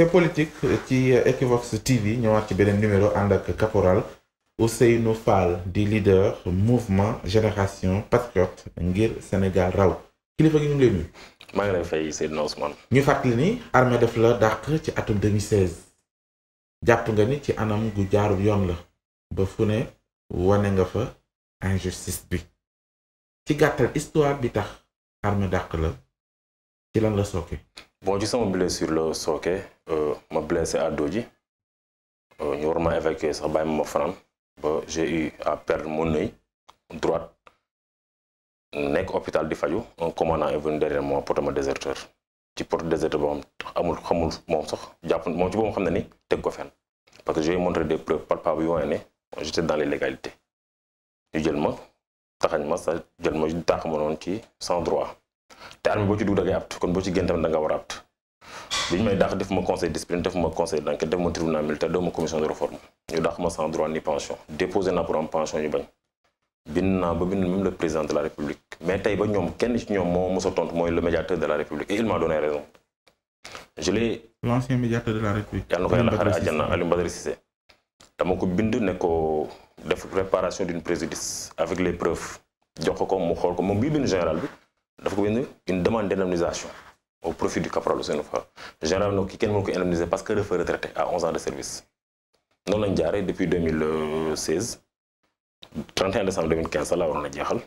c'est politique ci Equivox TV ñëwaat ci beneen numéro ànd ak caporal Ousseynou Fall di leader mouvement génération patriote ngir Sénégal raw kilifa gi ñu ngi lay maa ngi lay fay Seydina Ousmane. ñu fàttali ni armée def la dàq ci atum 2016 jàpp nga ni ci anam gu jaarul yoon la ba fu ne wane nga fa injustice bi ci gàttal histoire bi tax armée dàq la ci lan la sooke. bon ci sama blessure la sooke euh, ma blessé à ji euh, ñu war ma évacuer sax bàyyi ma ma fanaan ba j'ai eu à perdre mon œil droite nekk hôpital di faju un commandant est derrière moi porté ma déserteur ci porte déserteur boo xam amul xamul moom sax jàpp moom ci boobu xam ne ni teg ko fenn parce que j'ai montré des preuves palpables yu wane ne j'étais dans l'illégalité ñu jël ma taxañ ma sa jël ma dàq ma noonu ci sans droit te armée boo ci dugg da ngay apte kon boo ci génn tamit da war a apte may dàq def ma conseil discipline def ma conseil d'enquête def tribunal militaire def commission de réforme ñu dàq ma sans droit ni pension déposé naa pour am pension ñu bañ bind naa ba bind même le président de la république mais tey ba ñoom kenn ci ñoom moo mos a tontu mooy le médiateur de la république et il m'a donné raison je l'ai l'ancien na ko yàlla xare àjjana Alioune Badara Cissé dama ko bind ne ko def réparation d'une préjudice ko mu xool ko moom bii bind général bi dafa ko bind une demande d'indemnisation au profit du caporal Ousseynou Fall général nag ki kenn mënu ko indemniser parce que dafa retraité à 11 ans de service noonu lañ jaaree depuis 2016 31 décembre 2015 sax laa waroon a jeexal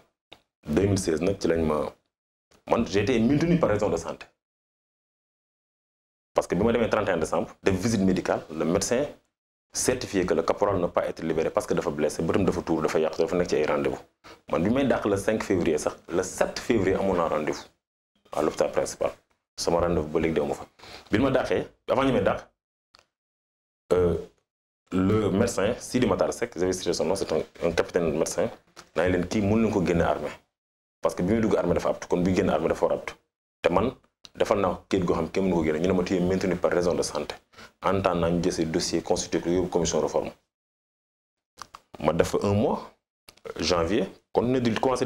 2016 nag ci lañ ma man j' étais maintenu par raison de santé parce que bi ma demee 31 décembre def visite médicale le médecin certifié que le caporal ne pas être libéré parce que dafa blessé bëtam dafa tuur dafa yàq dafa nekk ci ay rendez man bi may dàq le février sax le 7 février amoon naa rendez-vous à l'hôpital principal sama rendez-vous ba léegi demoo fa bi ma dàqee avant ñu may dàq euh, le médecin Sidi Matar Seck j'avais cité son nom c'est un capitaine de médecin naa leen kii mën nañu ko génne armée parce que bi muy dugg armée dafa aptu kon bi génn armée dafa war aptu te man defal naa ko kéet goo xam kenn mënu ko génne ne ma téye maintenu par raison de santé entend naa ñu jëse dossier constitué ko yóbbu commission réforme ma def un mois janvier kon ne di commencé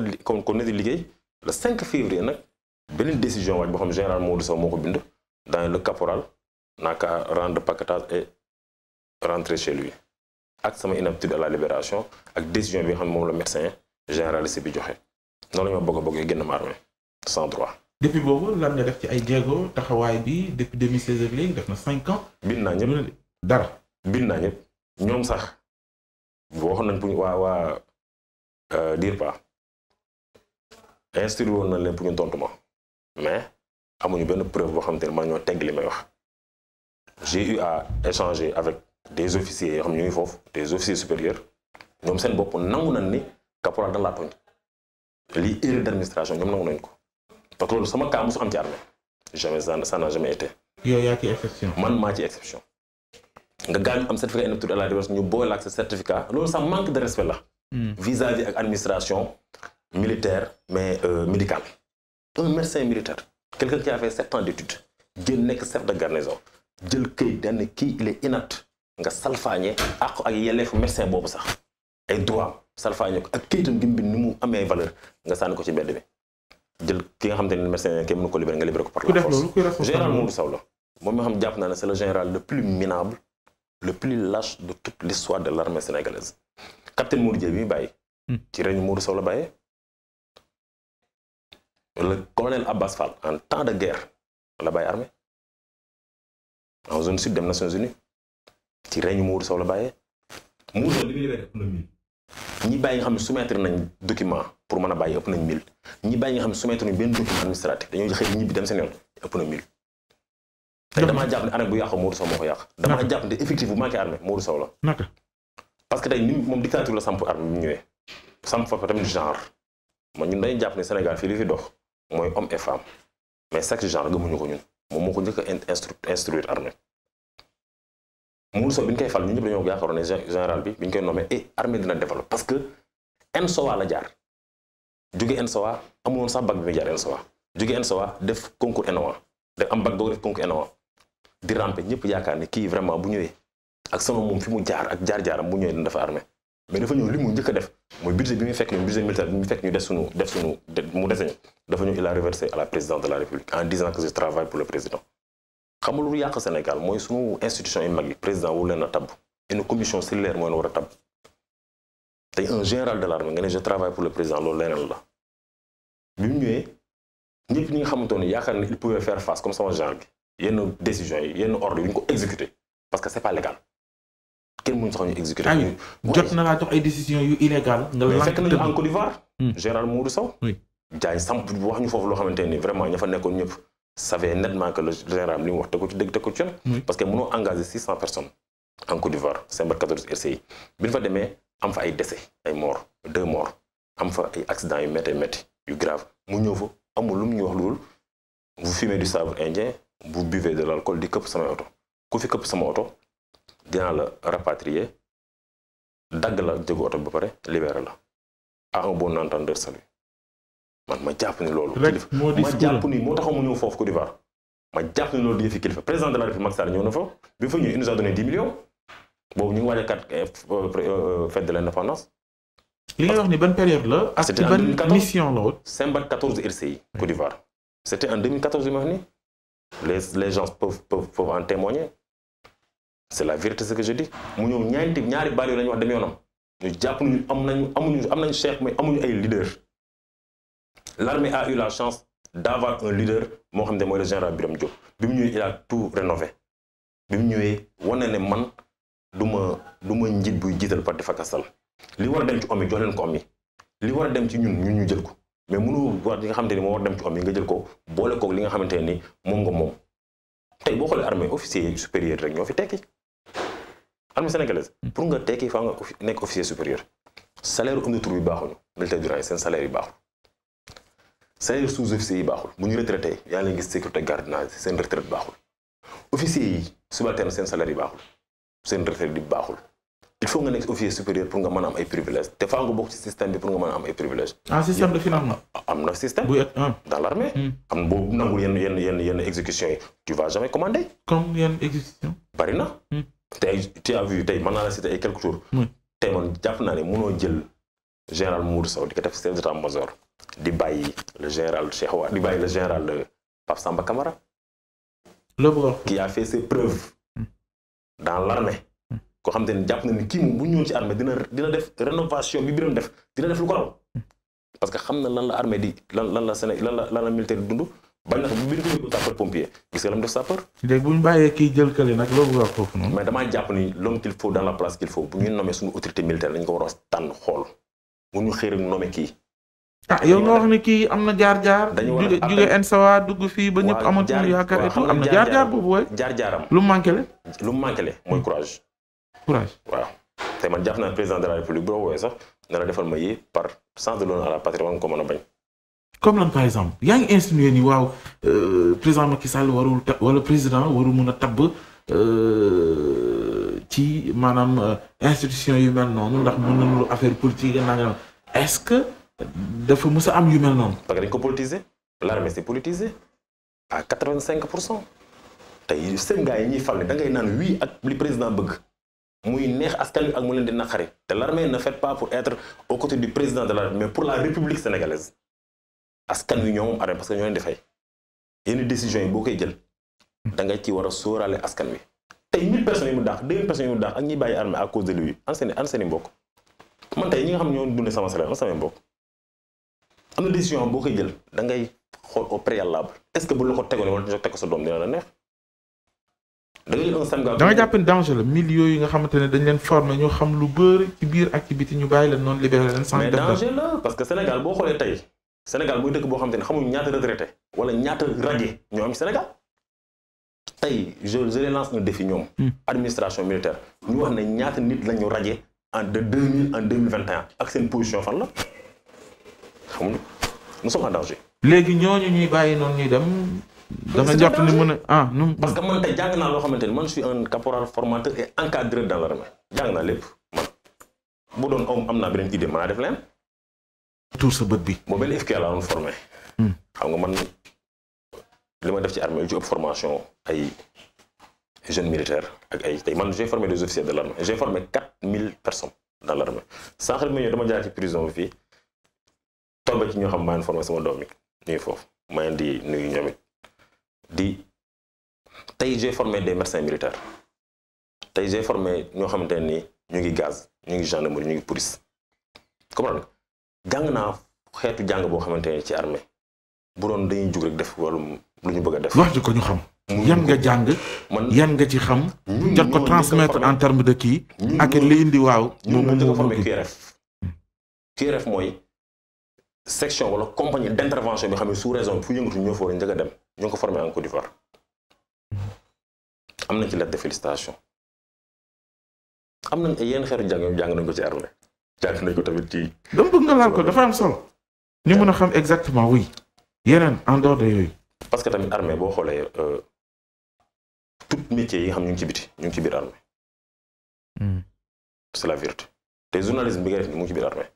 di liggéey le 5 février nag beneen décision waaj boo xam général Modou Sow moo ko bind dans le caporal naa kaa rendre paquetage et rentrer chez lui ak sama inaptitude à la libération ak décision bi nga xam moom la médecin généraliste bi joxe noonu la ñu ma bëgg a bëggee ma armée depuis boobu lan nga def ci ay jéego taxawaay bi depuis 2016 ak léegi def na cinq ans. bind naa ñëpp dara. bind naa ñëpp ñoom sax waxoon nañ pour waa waa euh, DIRPA instruit woon nañ leen pour ñu tontu ma mais amuñu benn preuve boo xam te ne man ñoo tegg li may wax. j'ai eu à échanger avec des officiers yoo xam ne ñu foofu des officiers supérieurs ñoom seen bopp nangu nañ ni caporal da laatuñ lii erreur d'administration ñoom nangu nañ ko. parce que loolu sama cas mosu am ci armée jamais ça jamais été. yow yaa ci exception. man maa ci exception. nga gaañu am certificat inaptitude la recherche ñu boole ak sa certificat loolu ça manque de respect la. Hmm. vis ak administration militaire mais euh, médicale. un médecin militaire. quelqu'un qui a fait sept ans jël nekk chef de garnison jël këyit dañ ne kii il est inapte nga salfaañe àq ak yelleefu médecin boobu sax ay droit salfaañe ko ak këyitam gi mu amee valeur nga sànni ko ci mbedd bi. jël ki nga xam te ne médecin ne kenn mënu ko libéré nga libéré ko par la force général Moundou Sow la moom mi xam jàpp naa ne c'est le général le plus minable le plus lâche de toute l'histoire de l'armée sénégalaise capitaine Modou Dieye bi bàyyi hmm. ci règne Moundou Sow la bàyyee le colonel Abbas Fall en temps de guerre la bàyyi armée en zone sud dem Nations Unies ci règne Moundou Sow la bàyyee ñi bàyyi nga xam ne soumettre document pour mën a bàyyi ëpp nañ 1000 ñi bàyyi nga xam ne soumettre ñu benn document administratif dañoo xëy ñibbi dem seen yoon ëpp na 1000. te damaa jàpp ne armée bu yàq Modou Sow moo ko yàq. damaa jàpp que ni moom dictature la samp armée bi mu ñëwee. samp fa tamit genre man ñun fii li fi dox mooy homme et femme mais chaque genre gëmuñu ko ñun moom moo ko njëkk a instru instruire armée. Modou Sow bi ñu koy fal ñun ñëpp dañoo yaakaaroon ne général bi bi ñu koy nommé et eh, dina développe parce que Nsowaa la jaar. jóge ENSOA amul woon sax bac bi muy jaar ENSOA jóge ENSOA def concours ENOA def am bac boobu def concours ENOA di rampe ñëpp yaakaar ni kii vraiment bu ñëwee ak sama moom fi mu jaar ak jaar-jaaram bu ñëwee dina dafa armée mais dafa ñëw li mu njëkk a def mooy budget bi muy fekk ñun budget militaire bi muy fekk ñu def suñu def suñu mu deseñu dafa ñëw il a à la présidente de la république en disant que je travaille pour le président xam lu yàq Sénégal mooy suñu institution yu mag yi président wu leen a tabb une commission cellulaire mooy war a tabb tey un général de l'armée nga ne je travaille pour le président loolu leneen la bi mu ñëwee ñëpp ñi xamantoon ni yaakaar ne il pouvait faire face comme sama genre bi yenn décision yi yi ñu ko exécuter parce que c'est pas légal sax hmm. wax ñu foofu loo xamante ne vraiment ña fa nekkoon ñëpp. savait nettement que le général li wax te ko ci dëgg te ko ci yoon. parce que mënoo engagé 600 personnes. en Côte d'Ivoire Senbar 14 RCI bi fa demee am fa ay décès ay moor deux morts am fa ay accidents yu métti métti yu grave mu ñëw fa amul lu mu ñu wax loolu vous fumez du sabre indien vous buvez de l'alcool di këpp samay oto ku fi këpp sama oto dinaa la rapatrier dagg la jëgu oto ba pare libéré la à un bon entendeur salut man ma jàpp ni loolu. ma jàpp ni moo taxaw mu ñëw foofu Côte d'Ivoire ma jàpp ni loolu di fi kilifa président de la République Macky Sall ñëw na fa bi fa ñëw il nous a donné boobu ñu ngi waaj a kat euh, euh, euh, l' indépendance. li nga wax ni ban période la. ak ci ban mission la woon. Simbad 14 Côte d'Ivoire. c' était en 2014 wax nii. les les gens peuvent peuvent peuvent en témoigner. la vérité ce que je dis. mu ñëw ñaari ñaari baal yooyu la ñu wax dem yoonam. ñu jàpp nañu am nañu amuñu am nañu chef mais amuñu ay leader. l' a eu la chance d' un leader moo xam ne mooy le général Birame Diop bi mu ñëwee il a tout rénové bi mu ñëwee ne man. du ma du ma njiit buy jiital par di fakasal li war a dem ci om yi jox leen ko om yi li war a dem ci ñun ñun ñu jël ko mais mënu war li nga xamante ni moo war dem ci om yi nga jël ko boole koog li nga xamante ni moom nga moom tey boo xoolee armée officier supérieur rek ñoo fi tekki armée sénégalaise hmm. pour nga tekki faa nga nekk officier supérieur salaire homme de troupe yi baaxuñu militaire du rang seen salaire yi baaxul salaire sous-officier yi baaxul mu ñu retraité yaa ngi leen gis sécurité gardiennage seen retraite baaxul officier yi subalterne seen salaire yi baaxul seen retraite di baaxul il faut nga nekk officier supérieur pour nga mën a am ay privilèges te faa nga bokk ci système bi pour nga mën a am ay privilèges. ah système de financement. am na système. Ah. dans l'armée. Hmm. am na nangul yenn yenn exécution yi tu vas jamais commander. comme hmm. te ay tey mën naa la citer ay quelques jours. tey man jàpp naa ne mënoo jël général Mourou Sow di ko def chef di bàyyi le général Cheikh Wade di bàyyi le général euh, Pape Samba Camara. le qui a dans l'armée hmm. koo xam te ne jàpp na ni kii moom bu ñëwoon ci armée dina dina def rénovation bi biram def dina def lu ko raw hmm. parce que xam na lan la armée di lan lan la Sénégal lan la lan la militaire di dund bañ na ko bu biir ko yóbbu sapeur pompier gis nga la mu def sapeur. léegi bu bàyyee kii jël kële nag loolu nga wax foofu noonu. mais damaa jàpp ni l'homme qu'il faut dans la place qu'il faut bu ñuy nommé suñu autorité militaire dañ ko war a tànn xool bu ñu xëy rek kii ah yow nga wax ni kii am na jaar-jaar. dañu jóge NSAWA dugg fii ba ñëpp amatul yaakaar et tout am na jaar-jaar boobu waaye. jaar-jaaram lu mu manqué le. lu mu le mooy courage. courage waaw. te man jàpp naa président de la république bu la wooyee sax na la ma yii par sens de l'honneur à la patrie war comme lan par exemple yaa ngi insinué ni waaw euh, président Macky Sall warul ta wala président warul mun a tabb euh, ci maanaam euh, institution yu mel noonu ndax mën nañu affaire politique nangam est-ce que. dafa mës a am yu mel noonu. parce que dañ ko politiser l'armée c'est politisé à quatre vingt cinq pour cent tey seen gars yi ñuy fal ne da ngay naan oui ak li président bëgg muy neex askan wi ak mu leen di naqari te l'armée ne fait pas pour être aux côtés du président de l'armée mais pour la république sénégalaise askan wi ñoo moom armée parce que ñoo leen di fay yenn décisions yi boo koy jël da nga ci war a sóoraale askan wi tey mille personnes yi mu daax deux mille personnes nga xam ñoo dundee sama salaire an am na décision boo koy jël da ngay xool au préalable est ce bu la ko tegoon wala ñu teg sa doom dina la neex. da nga jël un Sénégal danger la milieu yi nga xamante ne dañ leen former ñu xam lu bëri ci biir activité ñu bàyyi leen noonu libéré leen. sans def mais danger la parce que Sénégal boo xoolee tey Sénégal muy dëkk boo xamante ne xamuñ ñaata retraité wala ñaata radié ñoo am Sénégal. tey je je les lance un défi ñoom. Hmm. administration militaire ñu wax ne ñaata nit la ñu radié d en deux mille ak seen position fan la. xamuñu nous sommes danger. léegi ñooñu ñuy bàyyi noonu ñuy dem. dama jot ni mën a ah nu parce que man tey jàng naa loo xamante ni man je suis un caporal formateur et encadré dans l'armée jàng naa lépp man bu doon aw am naa beneen idée mën naa def leen. tuur sa bët bi. boo benn FQA laa doon formé. Hmm. xam nga man li ma def ci armée yu formation ay jeunes militaires ak ay tey man j'ai formé des officiers de l'armée j'ai formé quatre mille personnes dans l'armée sànq ma prison fii. toll ci ñoo xam maa ngi formé ñuy foofu maa ngi di nuyu ñoom di tey j'ai formé des médecins militaires tey j'ai formé ñoo xamante ne nii ñu ngi gaz ñu ngi gendarmerie ñu ngi police comprendre jàng naa xeetu jàng boo xamante ne ci armée bu doon dañuy jug rek def wàllum lu ñu bëgg def. wax ji ko ñu xam. yan nga jàng man yan nga ci xam. jot ko transmettre en terme de kii. ak li di waaw. moom moo ko formé QRF. QRF mooy. section wala compagnie mm-hmm. d' intervention bi xam ne sous raison bi fu yëngatu ñoo fa war a dem ñu ko formé en Côte d'Ivoire mm-hmm. am nañ ci lettre de félicitation am nañ ay yenn xeetu jàng yooyu jàng ko ci armée jàng nañ ko tamit ci. dama bëgg nga laal ko dafa am solo. ñu mën a xam exactement oui. yeneen en dehors yooyu. parce que tamit armée boo xoolee euh, tout métier yi nga xam ñu ngi ci biti ñu ngi ci biir armée. Mm. c'est la vérité te journalisme bi nga def ni mu ngi ci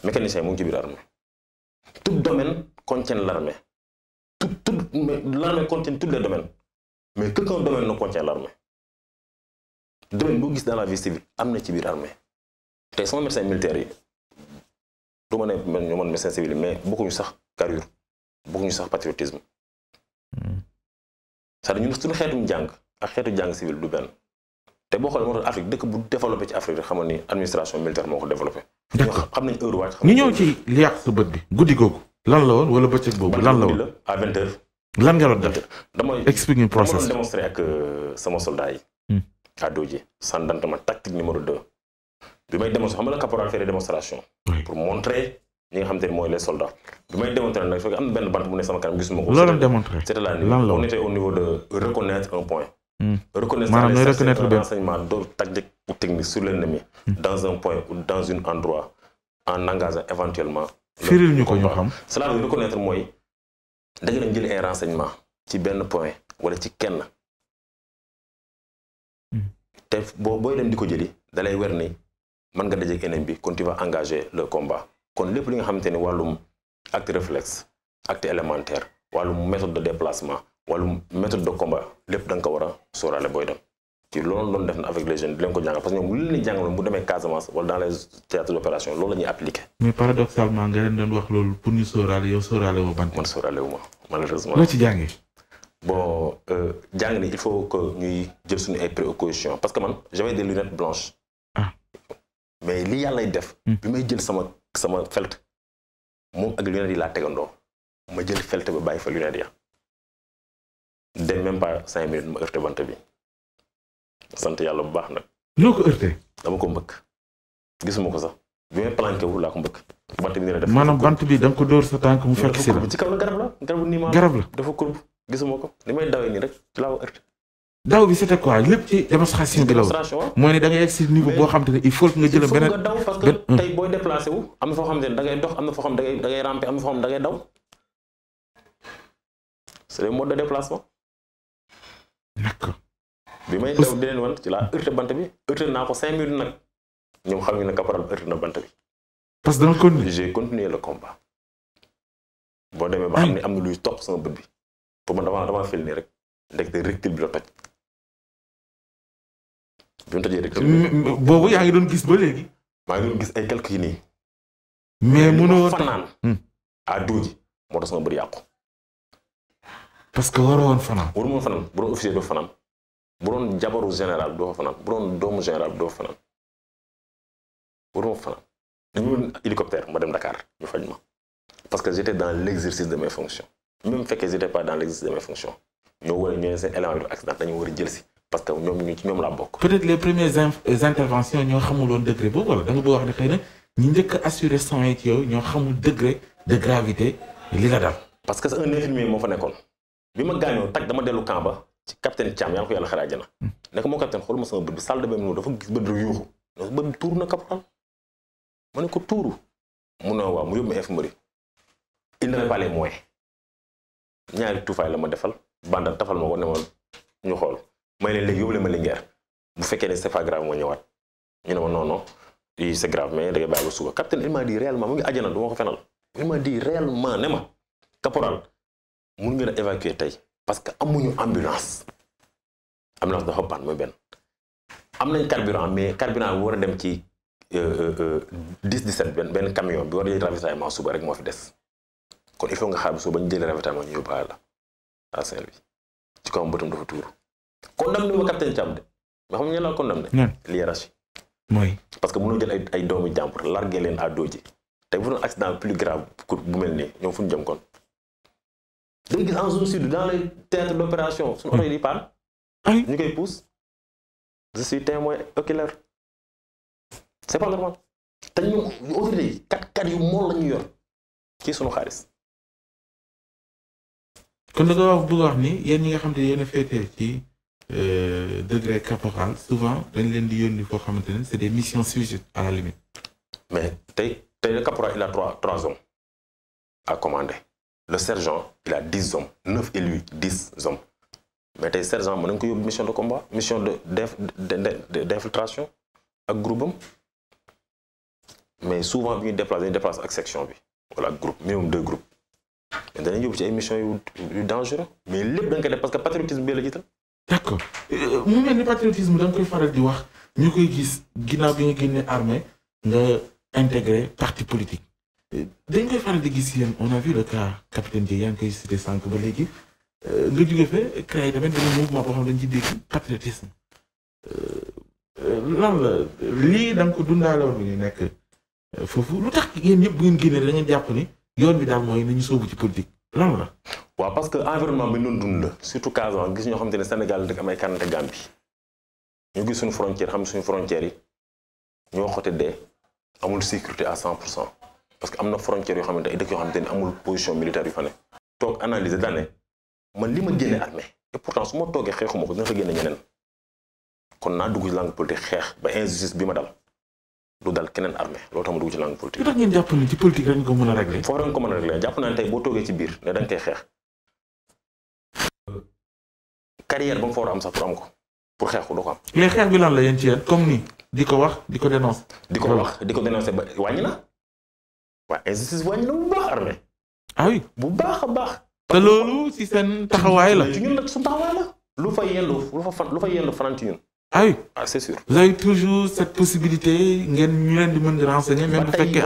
mécanicien mu ci biir armée tout domaine contient l'armée tout tout l'armée contient tous les domaines mais qu'aucun domaine ne contient l'armée domaine boo gis dans la vie civile am na ci biir armée te sama médecin militaire yi du ma ne man ñoo man médecin civil mais bokkuñu sax carrure bokkuñu sax patriotisme hmm. c'est-à-dire ñun suñu xeetum jàng ak xeetu jàng civil du benn te boo xoolee moo tax Afrique dëkk bu développé ci Afrique xamal ni administration militaire moo ko développé. xam nañ heure wàcc. ñu ñëw ci li yàq bët bi. guddi googu lan la woon wala bëccëg boobu lan la woon à vingt lan nga doon def. dama explique process euh, sama soldat yi. à Dodje. gendarmerie tactique numéro deux. bi may démonstré xam nga la caporal fait démonstration. pour montrer ñi nga xam te mooy les soldats. bi may démontré nag fekk am na benn bant bu ne sama kanam gisuma ko. loolu démontré c'était la nuit on était au niveau de reconnaître un point. Hmm. reconnaître maanaam nooy reconnaître benn renseignement d'ordre tactique ou technique sur l'ennemi hmm. dans un point ou dans un endroit en engageant éventuellement. firil ñu ko ñoo xam. cela veut reconnaître mooy da nga jël ay renseignement ci benn point wala ci kenn. Hmm. te boo booy dem di ko jëli da lay wer ni mën nga dajeeg ennemi bi kon tu vas engager le combat kon lépp li nga xamante ni wàllum acte réflexe acte élémentaire wàllum méthode de déplacement. wala méthode de combat lépp da nga ko war a booy dem ci loolu doon def na avec les jeunes di leen ko jàngal parce que bu demee Casamance wala dans les théâtres d'opération loolu la ñuy appliqué. mais paradoxalement nga leen doon wax loolu pour ñu sóoraale yow sóoraale woo ban. man sóoraale malheureusement. loo ci jàngee. bon euh, jàng ni il faut que ñuy jël suñu ay précautions parce que man j'avais des lunettes blanches. Ah. mais li yàlla lay def. Hmm. bi may jël sama sama felt moom ak laa tegandoo ma jël felt ba fa lunettes dem même pas cinq minutes ma heurté bant bi sant yàlla bu baax nag. noo ko heurté. ko mbëkk gisuma ko sax bi wu laa ko mbëkk. bant bi nii la def maanaam bant nga ko dóor sa tànk mu fekk si la ci kaw la garab la garabu nii ma ko ni may nii rek laa ko heurté. daw bi c'était quoi lépp ci démonstration bi la woon mooy ne boo xam ne il faut que jël beneen. nga daw parce que tey booy déplacé wu am na foo xam ne dox am na foo xam ne da ngay da ngay ramper am na foo xam ne da ngay daw c'est le mode de déplacement d'accord bi may daw di leen wan ci laa heurté bant bi heurté naa ko cinq minutes nag ñoom xam ñu ne caporal heurté na bant bi. parce que dama continuer j'ai continué le combat. boo demee ba xam ne am na luy topp sama bët bi pour man damaa damaa fil nii rek ndekete rectile bi la toj. Mm, mm, boobu yaa ngi doon gis ba léegi. maa ngi doon gis ay quelques yi nii. mais mënoo fanaan. Hmm. à Dóoji moo tax sama bët yàqu. parce que waroon fanaan. waruma fanaan bu doon officier doo fanaan bu doon jabaru général doo fanaan bu doon doomu général doo fanaan waruma fanaan. dañu woon hélicoptère ma dem Dakar ñu faj ma parce que j'étais dans l'exercice de mes fonctions même fekkee j'étais pas dans l'exercice de mes fonctions ñoo war a ñëwee seen élan bi accident dañu war a jël si parce que ñoom ñu ci ñoom laa bokk. peut les ñoo xamuloon degré boobu wala da nga bëgg wax ñoo xamul degré parce que un infirmier moo fa nekkoon. bi ma gaañoo tag dama dellu kaam ba ci capitaine Thiam yaa ngi ko yàlla xaree àjjana hmm. ne ko moo capitaine xool ma sama bët bi salle de bain gis bët bi yuuxu ne bët bi na caporal ma ne ko tuuru mu ne waaw mu yóbbu ma infirmerie il n'avait pas les moyens la ma defal bandal tafal ma ko ñu xool may leen léegi yóbbu leen ma Linguère bu fekkee ne c'est pas grave moo ñëwaat ñu ne ma non non c'est ma mais da ngay ba suba capitaine il m'a dit réellement mu ngi àjjana du ma ko fenal il m'a dit ne ma caporal mun ngeen a évacuer tey parce que amuñu ambulance ambulance dafa panne mooy benn am nañ carburant mais carburant bi war a dem ci 10 euh, 17 euh, euh, benn benn camion bi war a jël ravitaillement suba rek moo fi des kon il faut nga xaar bi suba ñu jëlee ravitaillement ñu yóbbaale la à ci kawam bëtam dafa tuuru condamné ma capitaine Thiam de mais xam nga ñenn laa condamné. l'hiérarchie. mooy parce que mënoo jël ay doomu jàmbur largué leen à doji tey bu doon accident plus grave bu mel nii ñoom fu ñu jëm kon. da ngay gis en zone sud dans les théâtres d'opération suñu yi di paan ñu koy pousse je suis témoin oculaire c'est pas normal te ñu autorité kat kat yu mool la yor ci suñu xaalis kon da nga wax bëgg wax ni yéen ñi nga xam te yéen a féetee ci euh, degré caporal souvent dañ leen di yónni foo xamante ne c'est des mission suivies à la mais tey tey le caporal il a trois trois hommes commander le sergent il a dix hommes neuf et lui dix hommes mais tey sergent mën nañu ko yóbbu mission de combat mission de de d'infiltration ak groupe am mais souvent bi ñuy déplacé dañuy déplacé ak section bi wala ak groupe minimum deux groupes mais danañ yóbbu ci ay mission yu dangereux mais lépp da nga koy def parce que patriotisme bi la jiital. d'accord euh, mu mel ni patriotisme da koy faral di wax ñu koy gis ginnaaw bi nga génnee armée nga intégré parti politique. dañ koy faral di gis yéen on a vu le cas capitaine Dièye yaa ngi koy cité sànq ba léegi euh, nga jóge fa créé tamit benn mouvement boo xam dañ ci dégg patriotisme euh, euh, lan la lii da nga ko dundaale bi ñu nekk foofu lu tax yéen ñëpp bu ngeen génnee da jàpp ni yoon bi daal mooy ñu sóobu ci politique lan la. waaw parce que environnement bi ñu dund surtout Casamance gis ñoo xamante ne Sénégal de am ay Kanante Gambie ñu gis suñu frontière xam suñu frontière yi ñoo xote dee amul sécurité à 100 cent parce que am na frontière yoo xam ay dëkk yoo xamante ni amul position ne li ma génne armée et su ma toogee xeexuma ko dina fa génne ñeneen kon naa dugg ci langue politique xeex ba injustice bi ma dal du dal keneen armée loolu tax ma dugg ci langue politique. ndax ngeen jàpp ni ci politique rek ko mën a réglé. foofu rek a réglé jàpp naa ne tey boo toogee ci biir ne da nga xeex carrière ba mu am sax pour am ko pour xeex doo ko am. mais xeex bi lan la yéen ci yéen comme ni di ko wax di ko dénoncer. di ko wax di ko dénoncer ba wàññi na. waa bu baax armée. ah oui bu a baax. te loolu si seen taxawaay la. ci ñun nag suñu taxawaay la. lu fa yendu lu fa fan lu fa yendu fanaan ci ñun. ah oui ah c'est sûr. lay toujours cette possibilité ngeen ñu leen di mën di renseigner. même bu fekkee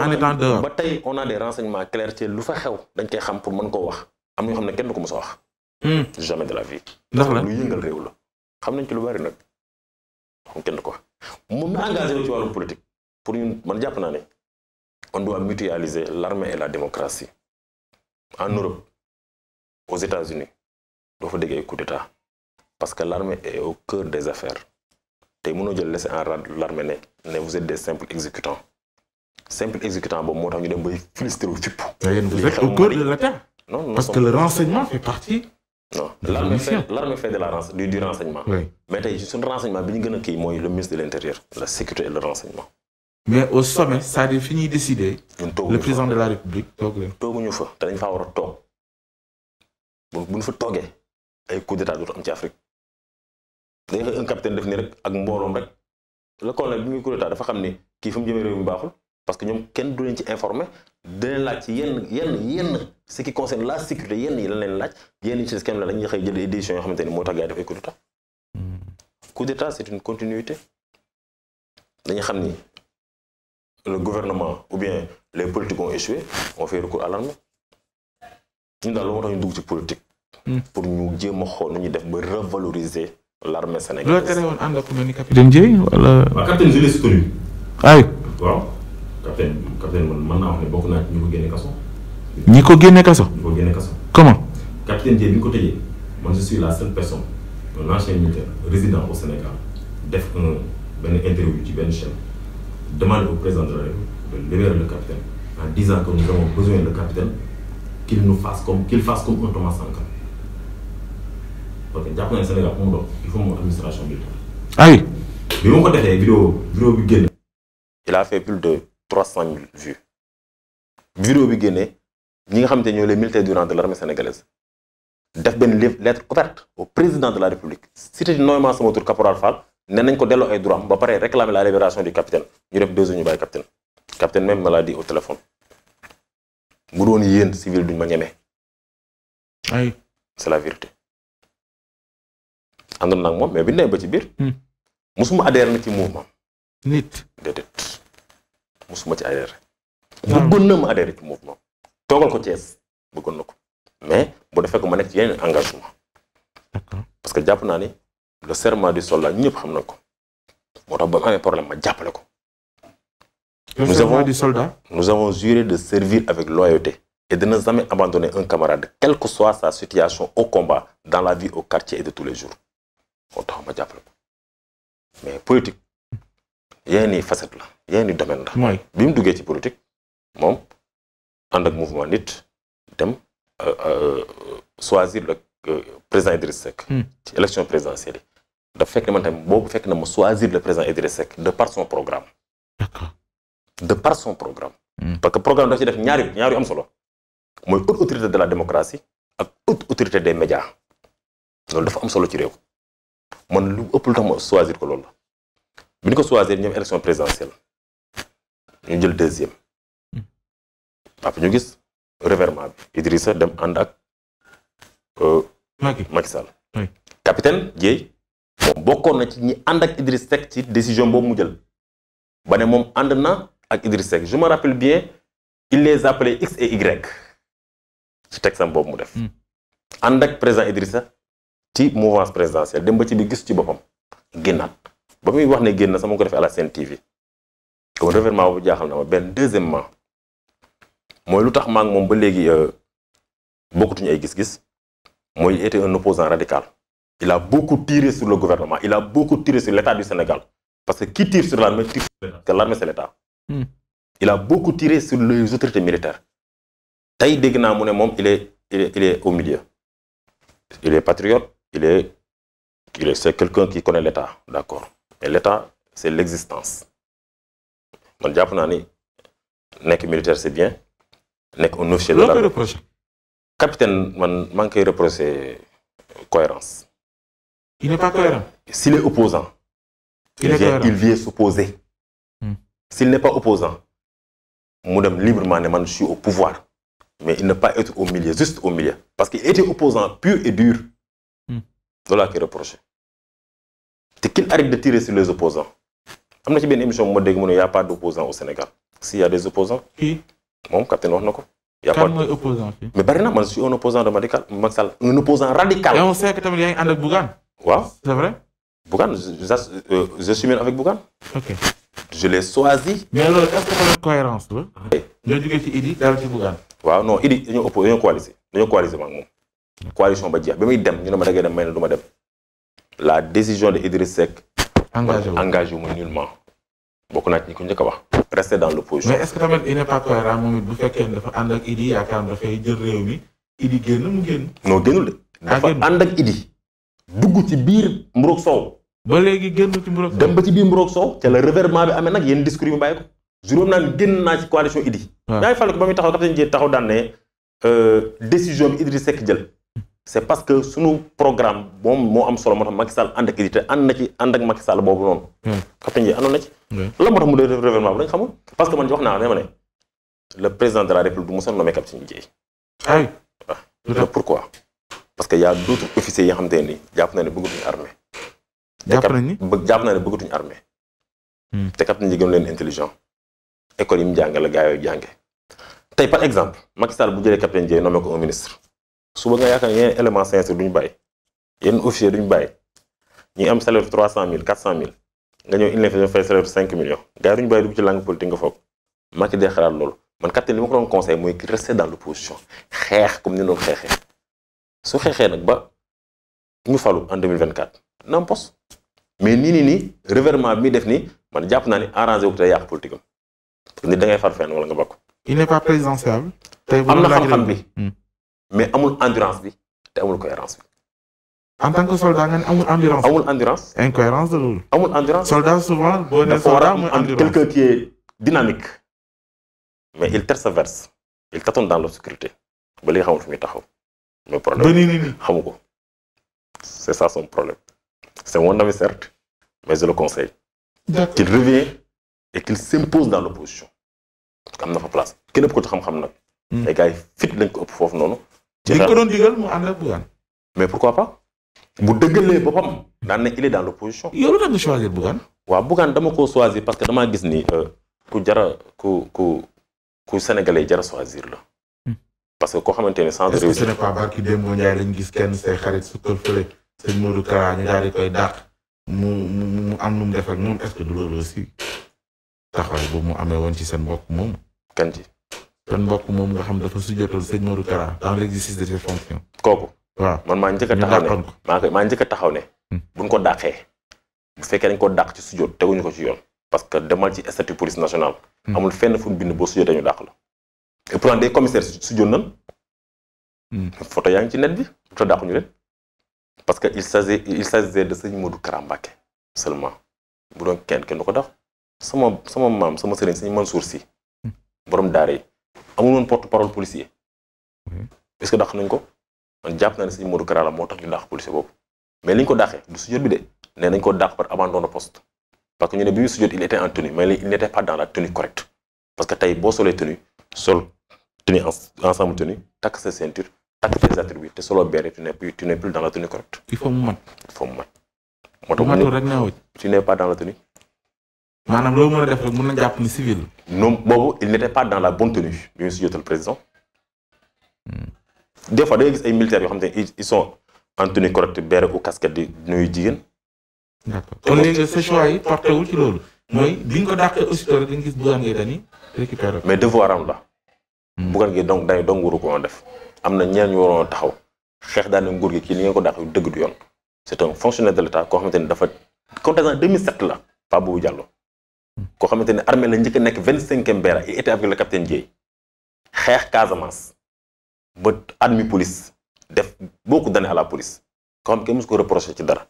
ba tey on a des renseignements clairs ci lu fa xew dañ koy xam pour man koo wax am ñoo xam ne kenn du ko mos a wax. Hmm. jamais de la vie. ndax la lu yëngal réew la. xam nañ ci lu bari nag. xam kenn du na wu ci wàllum pour ñun man jàpp naa on a mutualiser l'armée et la démocratie en Europe aux États-Unis doo fa déggee coup d'état parce que l'armée est au cœur des affaires tey mënoo jël laisser en rade l'armée ne ne vous êtes des simples exécutants simple exécutant boobu moo tax ñu dem bay filistre wu fipp. vous êtes au cœur de l'État. non non parce que le renseignement fait partie. non l'armée fait l'armée fait de la du du renseignement. oui mais tey suñu renseignement bi ñu gën a mooy le ministre de l'intérieur la sécurité et le renseignement. mais au sommet cest di dire fi ñuy décider. le président de la république toog leen. tooguñu fa te dañ faa war a toog bu ñu fa toogee ay coup d'état dootu am ci Afrique dañ koy un capitaine def nii rek ak mbooloom rek le colonel bi muy coup d'état dafa xam ni kii fi mu jëmee réew mi baaxul parce que ñoom kenn du leen ci informé dina leen laaj ci yenn yenn yenn ce qui concerne la sécurité yenn yi lañ leen laaj yenn yi ci des kenn la dañuy xëy jël ay décisions yoo xamante moo tax gars yi def ay hmm. coup d'état coup d'état xam ni. le gouvernement ou bien les politiques ont échoué on fait recours à ñun daal loolu moo tax ñu dugg ci politique. Hmm. pour ñu jéem a xool nu ñuy def ba revaloriser l'armée sénégalaise. loolu tere woon ànd ak ni capitaine Dieye wala. waaw capitaine je l'ai man naa wax ne bokk naa ñu ko génne kaso. ñi ko génne kaso. ñi ko génne kaso. comment. capitaine Dieye bi ñu ko tëjee man je suis la seule personne un ancien militaire résident au Sénégal def benn interview ci benn chaîne. demande au président de la République de libérer le capitaine en disant que nous avons besoin de capitaine qu'il nous fasse comme qu'il fasse comme un Thomas Sankara parce que jàpp na Sénégal fu mu il faut moom administration militaire. ah oui. bi ma ko defee vidéo vidéo bi génne. il a fait plus de trois cent mille vues. vidéo bi génne ñi nga xam ne ñoo les militaires du rang de l'armée sénégalaise def benn lettre ouverte au président de la république cité nommément sama ne nañ ko delloo ay droit ba pare réclamer la libération du capitaine ñu def deux ans ñu bàyyi capitaine capitaine même maladie au téléphone bu doon yéen civil duñ ma ñeme. ay c'est la vérité. àndoon naa moom mais bi ñu ba ci biir. Hmm. musuma adhéré na ci mouvement. nit déedéet musuma ci adhéré. Ah. bëggoon na ma adhéré ci mouvement. toogal ko Thiès bëggoon na ko mais bu defee ko ma nekk ci yeneen engagement. parce que jàpp naa ni. le serment du soldat ñëpp xam na ko moo tax ba mu amee problème ma jàppale ko. le serment du soldat nous avons juré de servir avec loyauté et de ne jamais abandonner un camarade quelle que soit sa situation au combat dans la vie au quartier et de tous les jours moo tax ma jàppale ko mais politique yenn facette la yenn domaine la. mooy bi mu duggee ci politique moom ànd ak mouvement nit dem euh, euh, choisir le président Idriss Seck. Hmm. ci élection présidentielle yi. dafa fekk ne man tamit boobu fekk na ma choisir le président Idriss Seck de par son programme. de par son programme. Hmm. parce que programme dafa ci def ñaari ñaari am solo. mooy haute autorité de la démocratie ak autorité des médias loolu dafa am solo ci réew man lu ëpp lu tax ma choisir ko loolu la bi ñu ko choisir ñoom élection présidentielle ñu jël deuxième hmm. après ñu gis revirement bi Idrissa dem ànd ak euh, Macky Sall capitaine Dièye moom bokkoon na ci ñi ànd ak Idriss Seck ci décision boobu mu jël ba ne moom ànd na ak Idriss Seck je me bien il les appelait X et Y ci texam boobu mu def hmm. ànd ak président Idrissa ci mouvance présidentielle dem ba ci bi gis ci boppam génnaat ba muy wax ne génn na sama ko defee à la Sen TV kon revirement boobu jaaxal na ma benn deuxièmement mooy lu tax maa moom ba léegi euh, bokkutuñu ay gis-gis mooy il était un opposant radical. Il a beaucoup tiré sur le gouvernement. Il a beaucoup tiré sur l'État du Sénégal. Parce que qui tire sur l'armée, tire sur l'État. L'armée, c'est l'État. Hmm. Il a beaucoup tiré sur les autorités militaires. Taï Degna Mounemom, il est, il, est, il est au milieu. Il est patriote, il est, c'est quelqu'un qui connaît l'État, d'accord. l'État, c'est l'existence. Mon diable, nek militaire, c'est bien. Nek un officier de l'armée. capitaine man maa ngi koy reproché cohérence il n'est pas cohérent il, il vient hmm. s'il n'est pas opposant mu dem librement ne man je suis au pouvoir mais il ne pas être au milieu juste au milieu parce qu'il était opposant pur et dur hmm. loolu laa koy te qu'il arrête de tirer sur les opposants am na ci benn émission bu ma dégg mu ne pas d'opposants au Sénégal s'il y des opposants moom capitaine wax na ko y' a bari na man je suis un opposant de Macky Sall un opposant radical. et on sait que tamit yaa ngi ànd waaw je je euh, suis même avec je l' choisi. mais loolu est ce la. ñoo jógee ci Idi dara ci waaw non Idi dañoo opposé dañoo coalisé dañoo coalisé maag moom. coalition ba jeex bi muy dem ñu ne ma da ngay dem la décision de Idriss Seck. engagé wu engagé nullement. bokk naa ci ñi ko njëkk a wax. rester dans l'opposition. mais est-ce que tamit il n'est pas moom it bu fekkee dafa ànd ak Idi yaakaar dafay jël réew mi Idi génn mu génn. non génnul de. Ah, dafa ànd ak dugg ci biir mburoog soow. ba léegi génn ci mburoog soow dem ba ci biir mburoog soow. ca la reversement bi amee nag yéen discours yi mu bàyyi ko. juróom naan naa ci coalition Idi. waaw ah. ñaari fàll ko ba muy taxaw capitaine Dièye taxaw daan ne euh, décision bi Idriss Seck jël. c' est parce que suñu programme moom moo am solo moo tax Macky Sall ànd ak te ànd na ci ànd ak Macky Sall boobu noonu. Hmm. capitaine Ndiaye àndoon ci. lan moo tax mu def révélement bu dañ xamul parce que man wax naa ne ma ne le parce que y' d' autres officiers yi nga xamante jàpp na ne bëggatuñu armée. jàpp nañ na ne bëggatuñu armée. Hmm. te capitaine Ndiaye gënu leen intelligent école yi mu jàngale gaa yooyu jànge tey par exemple Macky Sall bu jëlee capitaine Ndiaye nommé ko ministre. suba nga yaakaar ne yeneen élément sincère duñu bàyyi yeneen officier duñu bàyyi ñi am salaire trois cent mille quatre cent mille nga ñëw une fay salaire cinq millions gars yi duñu bàyyi dugg ci langue politique nga foog Macky dee xalaat loolu man kat li ma ko doon conseil mooy ki rester dans l'opposition xeex comme ni doon xeexee su xeexee nag ba ñu falu en 2024 na am poste mais nii nii nii revirement bi muy def nii man jàpp naa ni arrangé wu ko da ngay far fenn wala mais amul endurance bi te amul cohérence bi. en que soldat nga ne amul endurance. amul endurance. incohérence de amul endurance soldat souvent boo nee soldat mooy endurance quelqu'un qui est dynamique. mais il tergiverse il tâtonne dans l'obscurité ba léegi xamul fu muy taxaw. mooy problème ba ko. c'est ça son problème. c'est mon avis certes mais je le conseille. d'accord qu'il revienne et qu'il s'impose dans l'opposition. am na fa place kenn ëpp ko xam-xam nag. ay hmm. gars fit lañ ko ëpp foofu noonu. li nga ko doon digal mu ànd ak Bougane. mais pourquoi pas bu dëggalee boppam daa na il est dans l'opposition. yow lu tax nga choisir Bougane. waaw Bougane dama ko choisir parce que damaa gis ni euh, ku jara ku ku ku jara choisir la. Hmm. parce que koo xamante ne sans. réussite est-ce que ce n'est pas kenn say xarit su ko fële sëñ Modou Kara daal mu mu am nu mu def ak moom est que du loolu aussi taxawaay boobu mu amee woon ci seen mbokk moom. kan ci. kon mbokk moom nga xam dafa sujjootal sëñ Modou Kara dans l'exercice de ses fonctions. kooku. waaw man a maa njëkk a taxaw ne. Hmm. buñ ko dàqee. bu fekkee dañ ko dàq ci sujjoot teguñu ko ci yoon. parce que demal ci statut police nationale. Hmm. amul fenn fu ñu bind boo sujjootee ñu dàq la. et pourtant des commissaires sujjoot hmm. yaa ngi ci net bi te dàquñu parce que il s'agit de sëñ Modou Kara Mbacké seulement doon kenn kenn du ko dàq sama sama maam sama sëriñ sëñ Mansour si boroom daara yi amul woon porte parole policier est-ce que nañ ko man jàpp naa ne sëñ Modou Kara la moo tax ñu dàq policier boobu mais li ñu ko dàqee du sujjóot bi de nee nañ ko dàq par abandon de parce que ñu ne bi muy sujjóot il était en tenue mais il n'était pas dans la tenue correcte parce que tey boo solee tenue sol tenue ensemble tenue takk sa ceinture takk tes attributs te solo beere tu n'es plus tu n'es plus dans la tenue correcte. il faut mu mat il faut mu mat. moo tax mu ne dans maanaam loo mën a def rek mën na jàpp ni civil. ñoom boobu il n'était pas dans la bonne tenue bi ñu si président hmm. des fois gis ay militaires yoo xam te ne ils sont en tenue correcte beere ou casquette di nuyu jigéen. d'accord kon léegi sa choix yi ci loolu. mooy bi ko dàqee aussitôt gis Bougane Gueye mais devoir am la. Hmm. Bougane Gueye donc dañu dong waru ko def. am na ñeneen ñu taxaw xeex daal ne nguur gi ki li ngeen ko dàq dëgg du yoon. c'est un fonctionnaire de l'État koo xamante ne dafa contestant 2007 la Pape Boubou Diallo. koo xamante ne armée la njëkk a nekk vingt cinquième beera il était avec le capitaine Dieye xeex Casamance ba admis police def beaucoup d'années à la police koo xam kenn mësu ko ci dara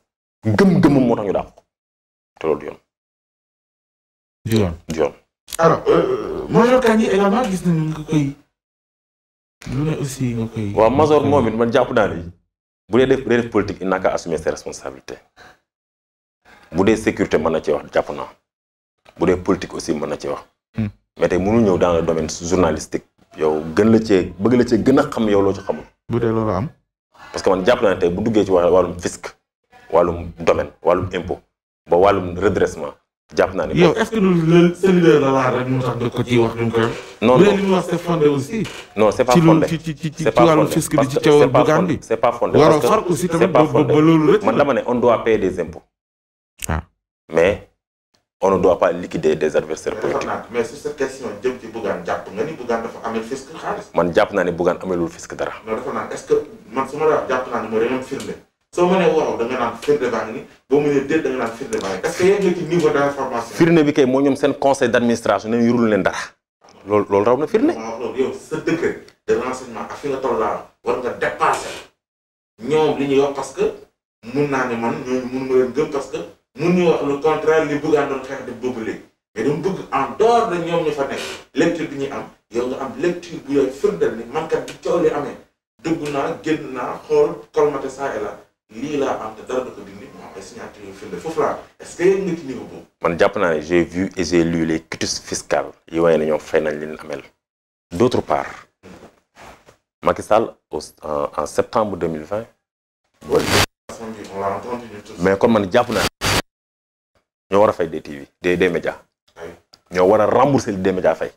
gëm-gëmam moo tax ñu dàq ko te loolu du yoon. du yoon du yoon. alors euh, euh, major Kandji également gis nañu moom it man naa bu dee def bu dee def politique il n'a qu'à assumer ses bu dee sécurité mën na cee wax jàpp naa. bu dee politique aussi mën na ci wax. Hmm. mais tey mënul ñëw dans le domaine journalistique. yow gën la cee bëgg la cee gën a xam yow loo ci xamul. bu dee loolu am. parce que man jàpp naa ne tey bu duggee ci wàllum fisc wàllum domaine wàllum impôt ba wàllum redressement jàpp naa ne. yow est-ce que le ko ciy wax duñ ko. non non bu dee li mu c'est pas fondé ci ci ci ci wàllum fisc bi ci coowal Bougane bi. c'est pas fondé parce man dama ne on doit payer des impôts. waaw ah. on ne doit pas liquider des adversaires politiques. mais sur cette question jëm ci Bougane jàpp nga ni Bougane dafa amel fisc xaalis. man jàpp naa ne Bougane amelul fisc dara. man su ma jàpp naa ne da nga naan firnde moo seen conseil d'administration ne yurul leen dara. loolu loolu raw na firnde. waaw loolu yow man ñooñu mun nga leen gëm parce mun ñu wax le contraire li bëggaan doon xeex def boobu léegi mais dama bëgg en dehors de ñoom ñu fa nekk lecture bi ñuy am yow nga am lecture bu yooyu firndeel ni man kat bi coow li amee dëgg naa génn naa xool colmaté ça et lii laa am dara du ko dindi mu am ay signature yu firnde foofu laa est que yéen nga ci niveau man jàpp naa ne j'ai vu yi waaye ne ñoom fay nañ leen amel d'autre part Macky Sall jàpp naa ñoo war a fay des TV des des médias ñoo war a rembourser li des fay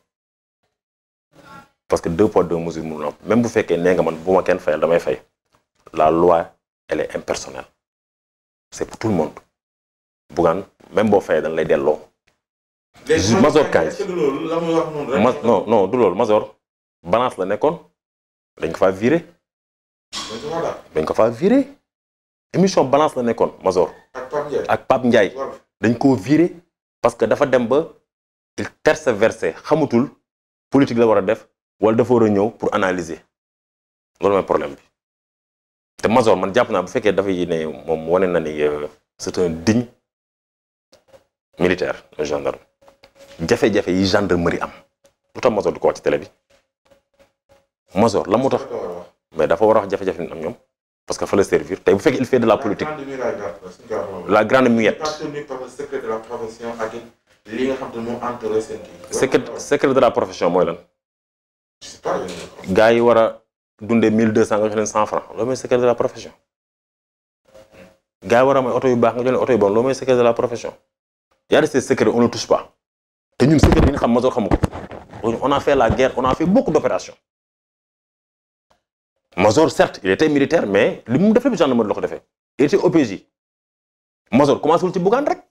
parce que deux poids deux mesures mënul même bu fekkee nee nga man bu ma kenn fayal damay fay la loi elle est c'est pour tout le monde Bougane même boo fayee dañ lay delloo. Mazor Kañ ma balance la nekkoon dañ ko faa viré. dañ ko fa viré émission balance la nekkoon Mazor. ak Pape Ndiaye dañ ko viré parce que dafa dem ba tergiversé xamatul politique la war a def wala dafa war a ñëw pour analyser loolu mooy problème bi te Major man jàpp naa bu fekkee dafay ne moom wane na ni euh, c'est un digne militaire un gendarme jafe-jafe yi am lu tax Major du ko wax ci télé bi Major la mu tax mais dafa war a wax jafe-jafe ni am ñoom parce que fa la servir tey bu fekkee il fait de la politique. la grande muette. li secret de la profession mooy lan. gars yi war a dundee mille deux cent nga jox mooy secret de la profession. gars yi war a may oto yu baax nga jox leen oto yu bon loolu mooy secret de la profession. y a des secrets on ne pas. te ñun secret yi nga xam masoor xamu ko on a la guerre on a beaucoup d' opérations. Major certes il était militaire mais li mu def lépp gendarmerie la ko defee il était OPJ Major commencé wul ci Bougane rek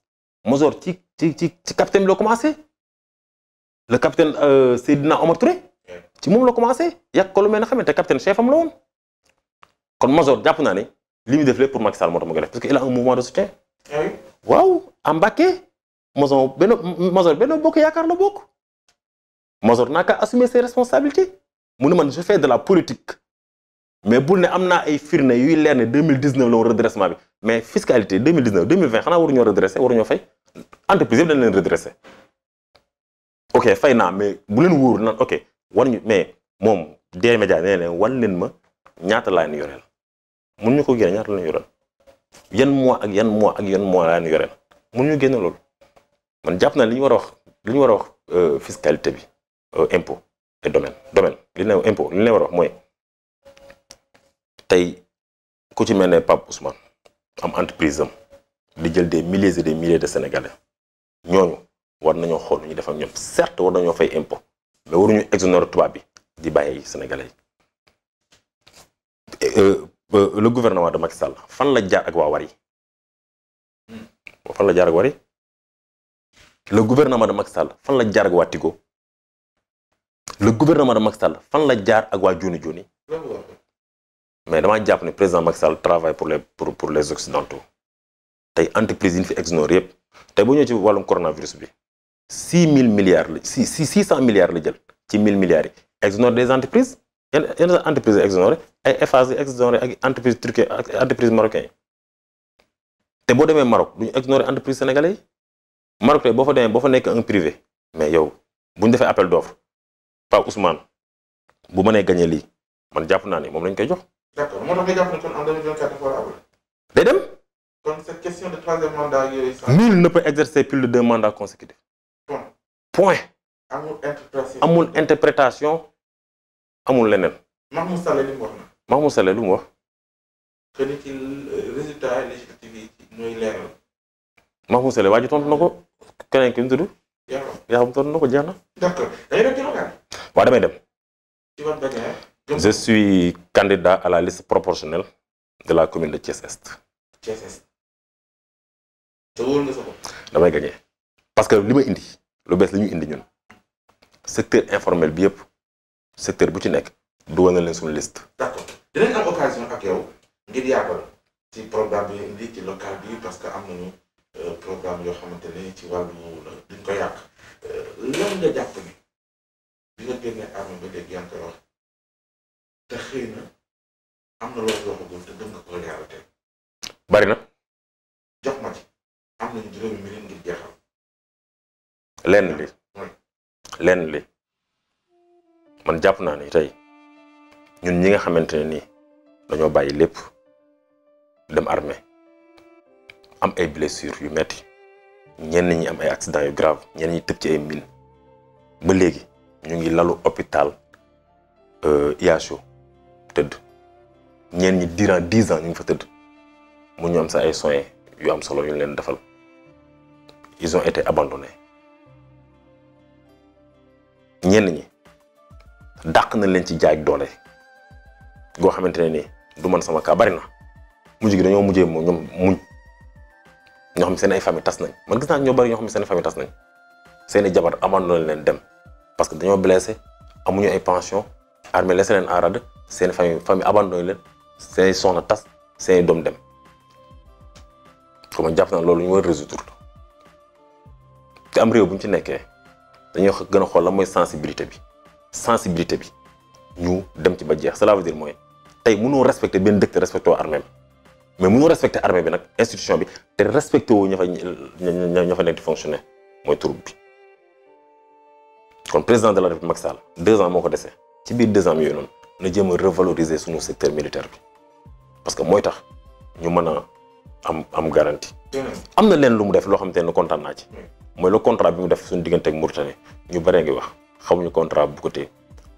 Major ci ci ci ci capitaine bi la commencé le capitaine euh, Seydina Omar Touré ci moom la commencé yàgg ko lu mel ne xamante capitaine chef kon Major jàpp naa ne li mu def lépp pour Macky Sall parce que il a un mouvement de soutien. Ah waaw à Mbacké Major benn Major bokk yaakaar la bokk Major naa ka assumer ses responsabilités mu ne man je fais de la politique. mais bul ne am naa ay firnde yuy leer ne 2019 la woon redressement bi mais fiscalité 2019 2020 xanaa waruñoo redressé waruñoo fay entreprise yëpp dañ leen redressé ok fay naa mais bu leen wóor naan ok war ñu mais moom D-Media nee na leen ma ñaata laa leen ñu ko génne ñaata la ñu yan mois ak yan mois ak yan mois laa leen yoreel ñu génne loolu man jàpp naa li ñu war a wax li ñu war a wax euh, fiscalité bi euh, impôt et domaine domaine li ñu impôt li ñu war a wax mooy. tey ku ci mel ne Pape Ousmane am entreprise am di jël de milliers et des milliers de sénégalais ñooñu war nañoo xool ñu def ak ñoom certes war nañoo fay impôt mais ñu exonérer tubaab bi di bàyyi sénégalais yi euh, euh, le gouvernement de Macky Sall fan la jaar ak waa Wari fan la jaar ak Wari le gouvernement de fan la jaar ak waa Tigo le gouvernement de Macky Sall fan la jaar ak waa Joni Joni mais damaa jàpp ne président Macky Sall travaille pour les pour pour les occidentaux tey entreprise yi ñu fi exonéré yëpp tey bu ñëwee ci wàllum coronavirus bi six mille milliards la six six cent milliards la jël ci mille milliards yi exonéré des entreprises yenn yenn entreprise yi exonéré ay Eiffage yi exonéré ak entreprise turque ak entreprise marocain yi te boo demee Maroc du ñu exonéré entreprise sénégalais yi Maroc tey boo fa demee boo fa nekk un privé mais yow bu ñu defee appel d'offre Pa Ousmane bu mënee gagné lii man jàpp naa ne moom lañ koy jox d' accord moo tax nga jàpp ne kon en 2024 dafa war a abal. day dem. kon cette de ne peut exercer plus de deux mandats consécutifs. point. amul interprétation amul interprétation amul leneen. lu mu wax. que ni ci euh, résultat législatif yi leeral. Mahmoud Saleh waa tontu na ko keneen ki mu tudd. yaa xam tontu na ko jeex na. d' accord dem Je suis candidat à la liste proportionnelle de la commune de Thiès-Est. damay gagné parce que li ma indi lu bees li ñu indi ñun secteur informel bi yëpp secteur bu ci nekk dugal na leen suñu liste. d'accord dinañ am occasion ak yow ngir yaatal ci programme bi indi ci local bi parce que am nañu euh, programme yoo xamante ne ci wàllu euh, duñ ko yàq euh, lan nga jàpp ni bi nga génnee arme ba léegi yaa ngi koy wax. xëy na bari na. jox ma ci li man jàpp naa ni tey ñun ñi nga xamante ne nii dañoo bàyyi lépp dem armée am ay blessures yu metti ñenn ñi am ay accidents yu grave ñeen ñi tëb ci ay mine ba léegi ñu ngi lalu hôpital IHO euh, tëdd ñeen ñi durant dix ans ñu ngi fa tëdd mu ñu am sa ay soins yu am solo yu leen defal ils ont été abandonnés ñenn ñi dàq nañ leen ci jaaj doole goo xamante ne nii du man sama kaa bari na mujj gi dañoo mujjee moom ñoom muñ ñoo xam seen ay famille tas nañ man gis naa ñoo bari ñoo xam ne seen famille tas nañ seen i jabar abandonné leen dem parce que dañoo blessé amuñu ay pension armée laissé leen en seen famille famille abandonné leen seen soxna tas seen doom dem comme jàpp na loolu ñu war résoudre te am réew bu ñu ci nekkee dañoo gën a xool la mooy sensibilité bi sensibilité bi ñu dem ci ba jeex cela veut dire mooy tey mënoo respecter benn dëkk te respecté woo mais bi mais mënoo respecter bi nag institution bi te respecté woo ña fa ña fa nekk di fonctionner mooy troupe bi kon président de la république Macky Sall deux ans moo ko dese ci biir deux ans mi noonu na jéem a revaloriser sunu secteur militaire bi parce que mooy tax ñu mën a am am garantie. Mm-hmm. am na leen lu mu def loo xam te ne kontaan naa ci. Mm-hmm. mooy le contrat bi mu def suñu diggante ak Mauritanie ñu bëree ngi wax xamuñu contrat bu ko téye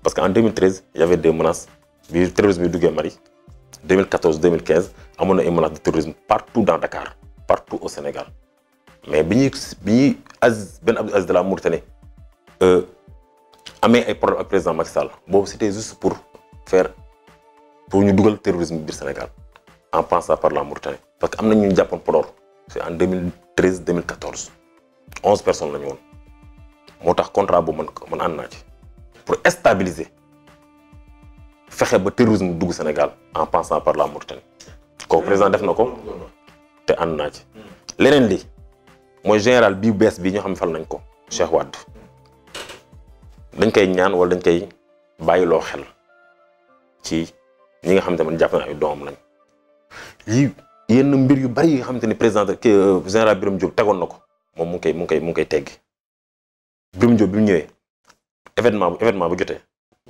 parce que en 2013 il y avait des menaces bi terrorisme bi duggee Mali 2014 2015 amoon na ay menaces de terrorisme partout dans Dakar partout au Sénégal mais bi ñuy bi ñuy Aziz Ben Abdel Aziz de la Mauritanie euh, amee ay problème ak président Macky Sall boobu c'était pour. faire pour ñu dugal terrorisme biir Sénégal en passant par la Mauritanie parce que am na ñu jàppoon Podor c'est en 2013 2014 onze personnes la ñu woon moo tax contrat boobu man man ànd naa ci pour stabiliser fexe ba terrorisme dugg Sénégal en passant par la Mauritanie kooku président def na ko te ànd naa ci leneen li mooy général bii bees bi ñoo xam ne fal nañ ko Cheikh Wade dañ koy ñaan wala dañ koy loo xel ci ñi nga xamante man jàpp na ay doomam lañ yi yenn mbir yu bari yi nga xamante ni président euh, général Birame Diop tegoon na ko moom mu ngi koy mu ngi koy mu ngi koy teggi Birame Diop bi mu ñëwee événement bu événement bu jotee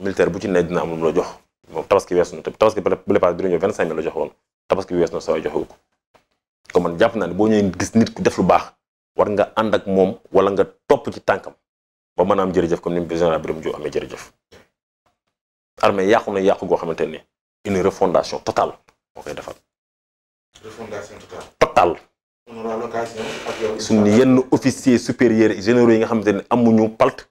militaire bu ci ne dina am lu mu la jox moom tabaski weesu na te tabaski bu la paase Birame Diop vingt cinq mille la jox woon tabaski weesu na saway joxewu ko kon man jàpp naa ne boo ñëwee gis nit ku def lu baax war nga ànd ak moom wala nga topp ci tànkam ba mën a am ni mu général Birame armée yàqu na yàqu goo xamante ne une refondation totale moo koy defal. refondation totale. yenn officiers supérieurs généraux yi nga xamante ne amuñu palte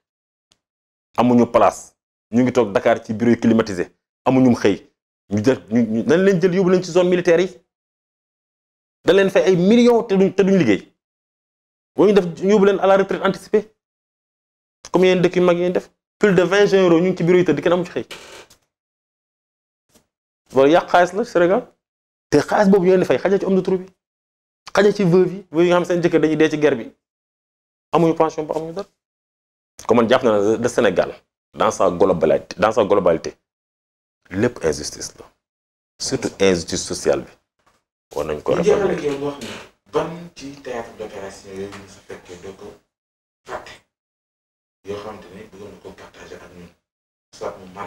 amuñu place ñu ngi toog Dakar ci bureau climatisé amuñu xëy ñu jël ñu dañ leen jël yóbbu leen ci zone militaire yi dañ leen fay ay millions te duñ te liggéey boo ñu def yóbbu leen à la retraite anticipée comme yeneen dëkk yu mag yi def. plus de vingt euros ñu ngi ci bureau yi tëdd kenn amu ci xëy loolu yàq xaalis la Sénégal te xaalis boobu ñu leen fay xaja ci homme de trou bi xaja ci veuve yi veuve yi nga xam seen jëkkër dañuy dee ci guerre amuñu pension ba amuñu dara. comme man jàpp na de Sénégal dans sa globalité dans sa globalité lépp injustice la surtout injustice sociale bi war nañ ko réformer. ban ci théâtre d'opération yooyu ñu sa fekkee doo yoo xamante ni bëggoon na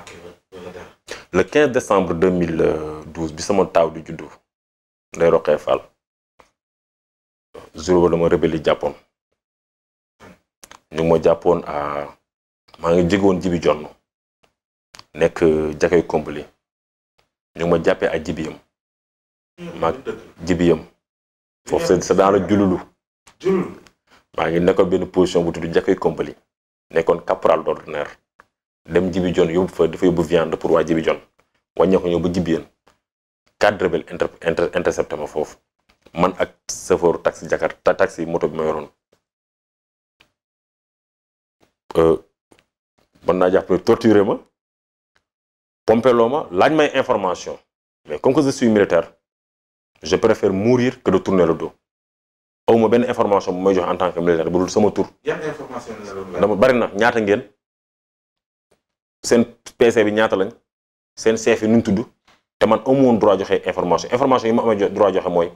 le 15 décembre 2012 euh, bi sama taaw di juddu Ndeye Roqee Fall jour dama rébelli jàppoon ñu ngi ma jàppoon à maa ngi jegoon jibi jonn nekk jakay kombali ñu ma jàppee ak jibiyam maag jibiyam foofu sa daana jululu maa ngi nekkoon benn position bu tudd jakay kombali nekkoon caporal d'ordinaire dem jibi jon yóbbu fa dafa yóbbu viande pour waa jibi jon wàññeeku ba jibiyeen cadre bel inter ma foofu man ak chauffeur taxi Jakarta taxi moto bi ma yoroon euh, mën naa jàpp ne torturé ma pompeloo ma laaj may information mais comme que je suis militaire je préfère mourir que de tourner le aw ma benn information bu may jox en tant bu dul sama tur. yan bari na ñaata ngeen bi ñaata lañ seen chef yi nu tudd te man amu woon droit joxe information information yi ma amee droit joxe mooy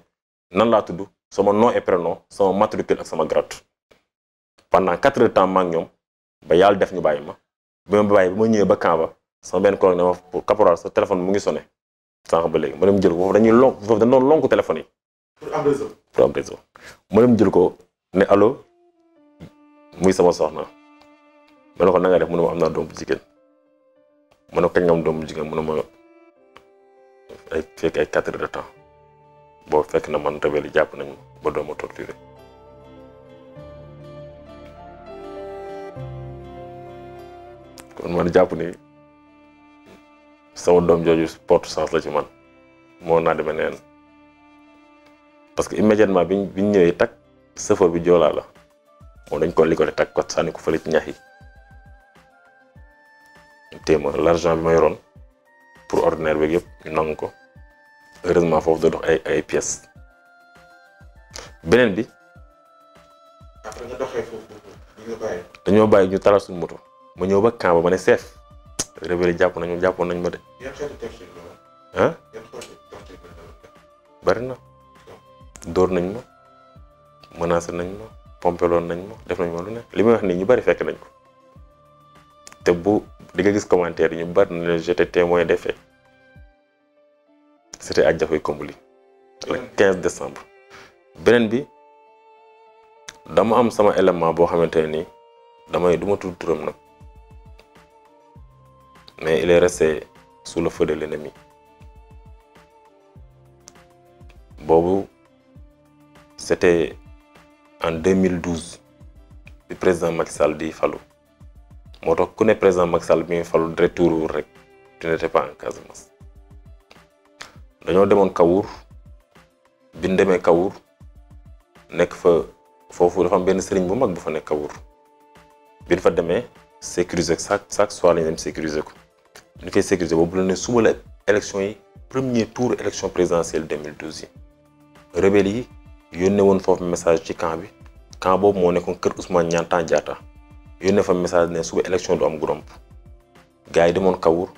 nan laa tudd sama nom et prénom sama matricule ak sama grade. pendant quatre heures de temps ma ñoom ba yàlla def ñu bàyyi ma ba ma bàyyi ba ma ñëwee ba camp ba sama benn collègue ne ma pour caporal sa téléphone mu ngi sonné sànq ba léegi ma dem jël ko foofu dañuy lonk foofu dañu doon yi. ma dem jël ko ne allo muy sama soxna ma ne ko na nga def mu ne am naa doom bu jigéen ma ne ko kañ nga am doom bu jigéen mu ne ma ay fekk ay quatre de temps boobu fekk na man rebelle jàpp nañ ba dooma torturé kon man jàpp ni sama doom jooju porte chance la ci man moo naa demee neen parce que immédiatement biñ biñ ñëwee takk sëfoor bi joolaa la moom dañ ko ligoté takk ko sànni ko fële ci ñax yi téema l'argent bi ma yoroon pour ordinaire bi yëpp ñu nangu ko heureusement foofu da dox ay ay pièces beneen bi. après nga doxee foofu ñu bàyyi. dañoo bàyyi ñu taral suñu moto ma ñëw ba camp ba ne seef révélé jàpp nañu jàppoon nañu ma de. yan xeetu dóor nañ ma menacé nañ ma pompeloon nañ ma def nañ ma lu ne li may wax nii ñu bari fekk nañ ko te bu di nga gis commentaire yi ñu bari na leen j'étais témoin des faits c'était à Diafoy Komboli le 15 décembre beneen bi dama am sama élément boo xamante ne nii damay du ma tudd mais il est resté sous le feu de l'ennemi boobu c'était en 2012 bi président Macky Sall di falu moo tax ku ne président Macky Sall bi muy falu retour rek tu n'étais pas en Casamance dañoo demoon Kawour bi ñu demee Kawour nekk fa foofu dafa am benn sëriñ bu mag bu fa nekk Kawour bi ñu fa demee sécuriser chaque chaque soir lañu dem sécuriser ko nu ñu koy sécuriser boobu la ne suba la élection yi premier tour élection présidentielle 2012 yi rebelle yi yónnee woon foofu message ci camp bi camp boobu moo nekkoon kër Ousmane Niantang Diatta yónnee fa message ne suba élection du am Goudomp gars yi demoon Kawour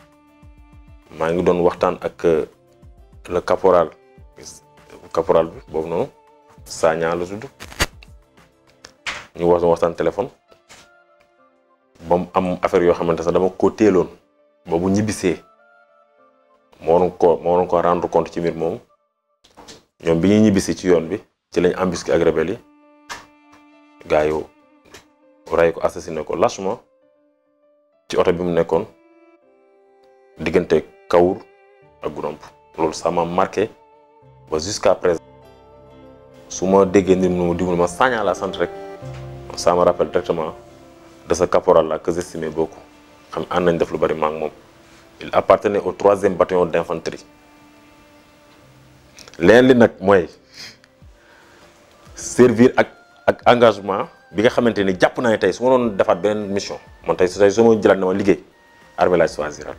maa ngi doon waxtaan ak euh, le caporal bi boobu noonu Sagna la tudd ñu waxtaan téléphone ba am affaire yoo xamante sax dama ko teeloon ba ñibbisee moo waroon ko moo waroon ko rendre compte ci mbir moomu ñoom bi ñuy ñibbisi ci yoon bi ci lañ embusqué ak rebelle yi gars yi rey ko assassiné ko lâchement ci oto bi mu nekkoon diggante Kawour ak Goudomp loolu ça m'a marqué ba jusqu'à présent su ma déggee nit mu dimbali ma Sagna la sant rek ça me rappelle directement de ce caporal là que j'estimais beaucoup xam ànd nañ def lu bari maak moom il appartenait au troisième bataillon d'infanterie leen li nag mooy servir ak ak engagement bi nga xamante ni jàpp naa ne tey su ma doon defaat beneen mission man tey su tey su ma jëlaat ne ma liggéey armée laay choisir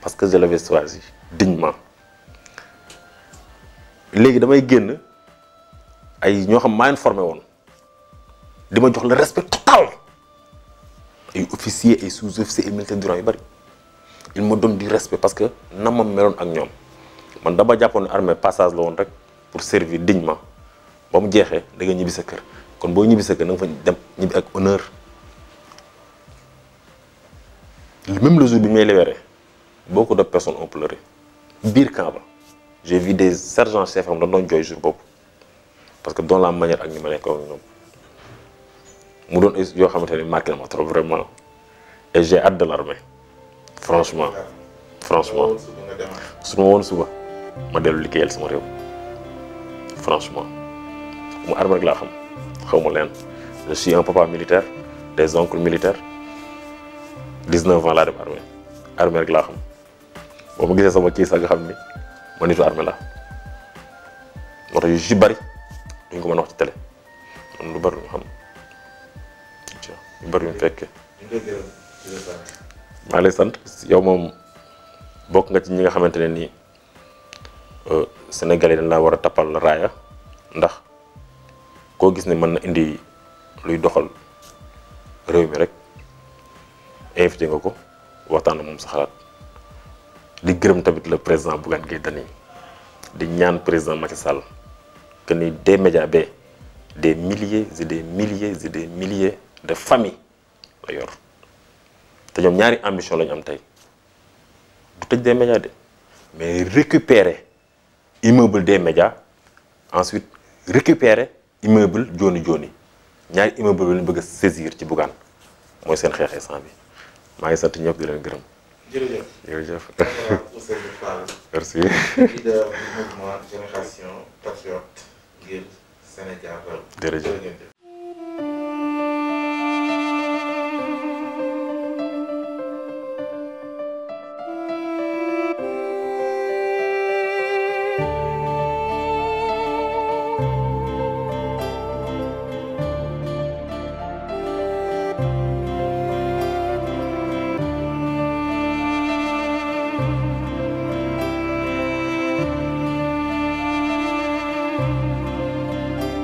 parce que je l'avais choisi dignement léegi damay génn ay ñoo xam maa leen formé woon di ma jox le respect total ay officiers ay sous-officiers ay militaires durant yu bari il ma donne du respect parce que na meloon ak ñoom man dama jàppoon ne passage la woon rek pour servir dignement ba mu jeexee da ñibbi sa kër kon boo ñibbi sa kër na nga fa dem ñibbi ak honneur même le bi ñu may libéré beaucoup de personnes ont pleuré biir camp ba j'ai vu des sergents chefs am dañ doon jooy jour boobu parce que dans la manière ak ni ma nekkoon mu doon yoo xamante ni marqué na ma trop vraiment et j'ai hâte de l'armée franchement franchement su ma woon suba ma dellu liggéeyal sama réew franchement mu arme rek laa xam xaw ma leen je un papa militaire des oncles militaires 19 ans laa dem armée armée rek laa xam boo ma gisee sama kii sax xam ni ma nitu armée la moo tax yu lu bëri lu xam lu yow moom bokk nga ci ñi nga xamante ne nii euh, sénégalais laa war a tappal raaya ndax koo gis ne mën na indi luy doxal réew mi rek invité nga ko waxtaan moom sa xalaat di gërëm tamit le président Bougane Gueye Dany di ñaan président Macky Sall que ni des média be des milliers et des milliers des milliers de famille la yor te ñoom ñaari ambition la ñu am tey du tëj des médias de mais récupérer immeuble des médias ensuite récupérer immeuble jooni jooni ñaari immeuble bi lañ bëgg a saisir ci Bougane mooy seen xeex instant bi maa ngi sant ñëpp di leen gërëm. jërëjëf jërëjëf. merci. leader mouvement génération patriote ngir Sénégal.